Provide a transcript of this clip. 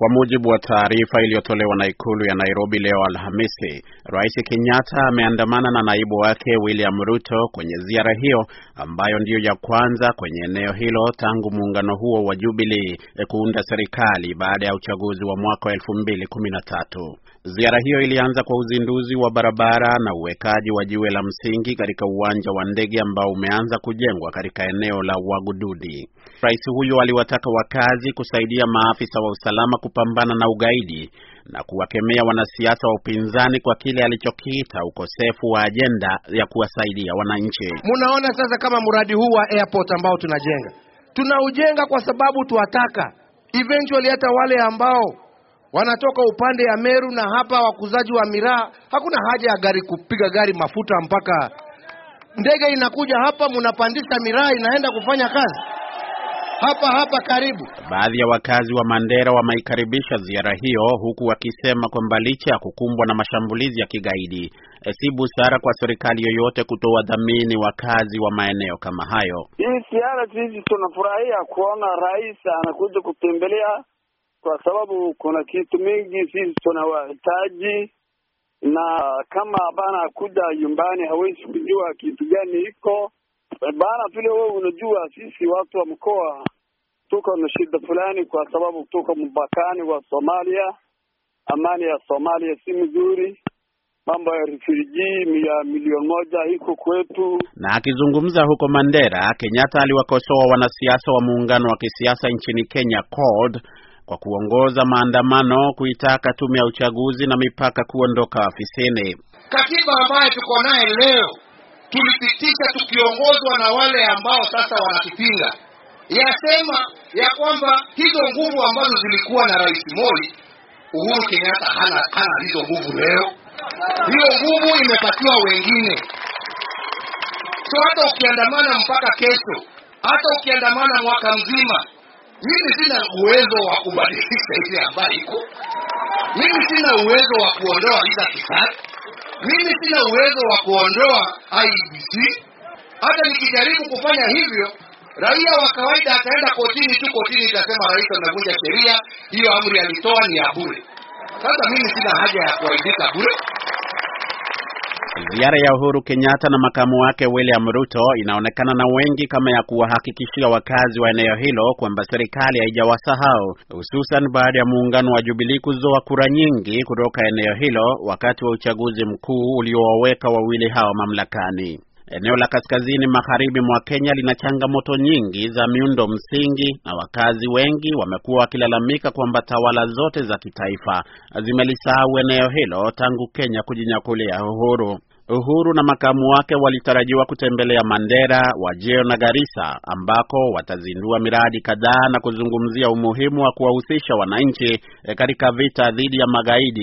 Kwa mujibu wa taarifa iliyotolewa na ikulu ya Nairobi leo Alhamisi, Rais Kenyatta ameandamana na naibu wake William Ruto kwenye ziara hiyo ambayo ndiyo ya kwanza kwenye eneo hilo tangu muungano huo wa Jubilee kuunda serikali baada ya uchaguzi wa mwaka wa 2013. Ziara hiyo ilianza kwa uzinduzi wa barabara na uwekaji wa jiwe la msingi katika uwanja wa ndege ambao umeanza kujengwa katika eneo la Wagududi. Rais huyo aliwataka wakazi kusaidia maafisa wa usalama kupambana na ugaidi na kuwakemea wanasiasa wa upinzani kwa kile alichokiita ukosefu wa ajenda ya kuwasaidia wananchi. Munaona sasa kama mradi huu wa airport ambao tunajenga, tunaujenga kwa sababu tuwataka eventually hata wale ambao wanatoka upande ya Meru na hapa wakuzaji wa miraa, hakuna haja ya gari kupiga gari mafuta mpaka ndege inakuja hapa, munapandisha miraa inaenda kufanya kazi hapa hapa karibu. Baadhi ya wakazi wa Mandera wameikaribisha ziara hiyo, huku wakisema kwamba licha ya kukumbwa na mashambulizi ya kigaidi, eh, si busara kwa serikali yoyote kutoa dhamini wakazi wa maeneo kama hayo. Hii ziara sisi tunafurahia kuona rais anakuja kutembelea kwa sababu kuna kitu mingi sisi tunawahitaji, na kama bana kuja nyumbani hawezi kujua kitu gani iko bana. Vile wewe unajua, sisi watu wa mkoa tuko na shida fulani, kwa sababu tuko mpakani wa Somalia. Amani ya Somalia si mzuri mambo ya rifiriji ya milioni moja iko kwetu. Na akizungumza huko Mandera, Kenyatta aliwakosoa wanasiasa wa muungano wa kisiasa nchini Kenya CORD kwa kuongoza maandamano kuitaka tume ya uchaguzi na mipaka kuondoka afisini. Katiba ambayo tuko naye leo tulipitisha tukiongozwa na wale ambao sasa wanatupinga, yasema ya kwamba hizo nguvu ambazo zilikuwa na Rais Moi Uhuru Kenyatta hana, hana hizo nguvu leo. Hiyo nguvu imepatiwa wengine, so hata ukiandamana mpaka kesho, hata ukiandamana mwaka mzima mimi sina uwezo wa kubadilisha ile ambayo iko, mimi sina uwezo wa kuondoa visa kisari, mimi sina uwezo wa kuondoa ibc Hata nikijaribu kufanya hivyo, raia wa kawaida ataenda kotini tu, kotini itasema rais amevunja sheria, hiyo amri alitoa ni ya bure. Sasa mimi sina haja ya kuaibika bure. Ziara ya Uhuru Kenyatta na makamu wake William Ruto inaonekana na wengi kama ya kuwahakikishia wakazi wa eneo hilo kwamba serikali haijawasahau, hususan baada ya muungano wa Jubilee kuzoa kura nyingi kutoka eneo hilo wakati wa uchaguzi mkuu uliowaweka wawili hao mamlakani. Eneo la kaskazini magharibi mwa Kenya lina changamoto nyingi za miundo msingi, na wakazi wengi wamekuwa wakilalamika kwamba tawala zote za kitaifa zimelisahau eneo hilo tangu Kenya kujinyakulia uhuru. Uhuru na makamu wake walitarajiwa kutembelea Mandera, Wajeo na Garissa ambako watazindua miradi kadhaa na kuzungumzia umuhimu wa kuwahusisha wananchi eh, katika vita dhidi ya magaidi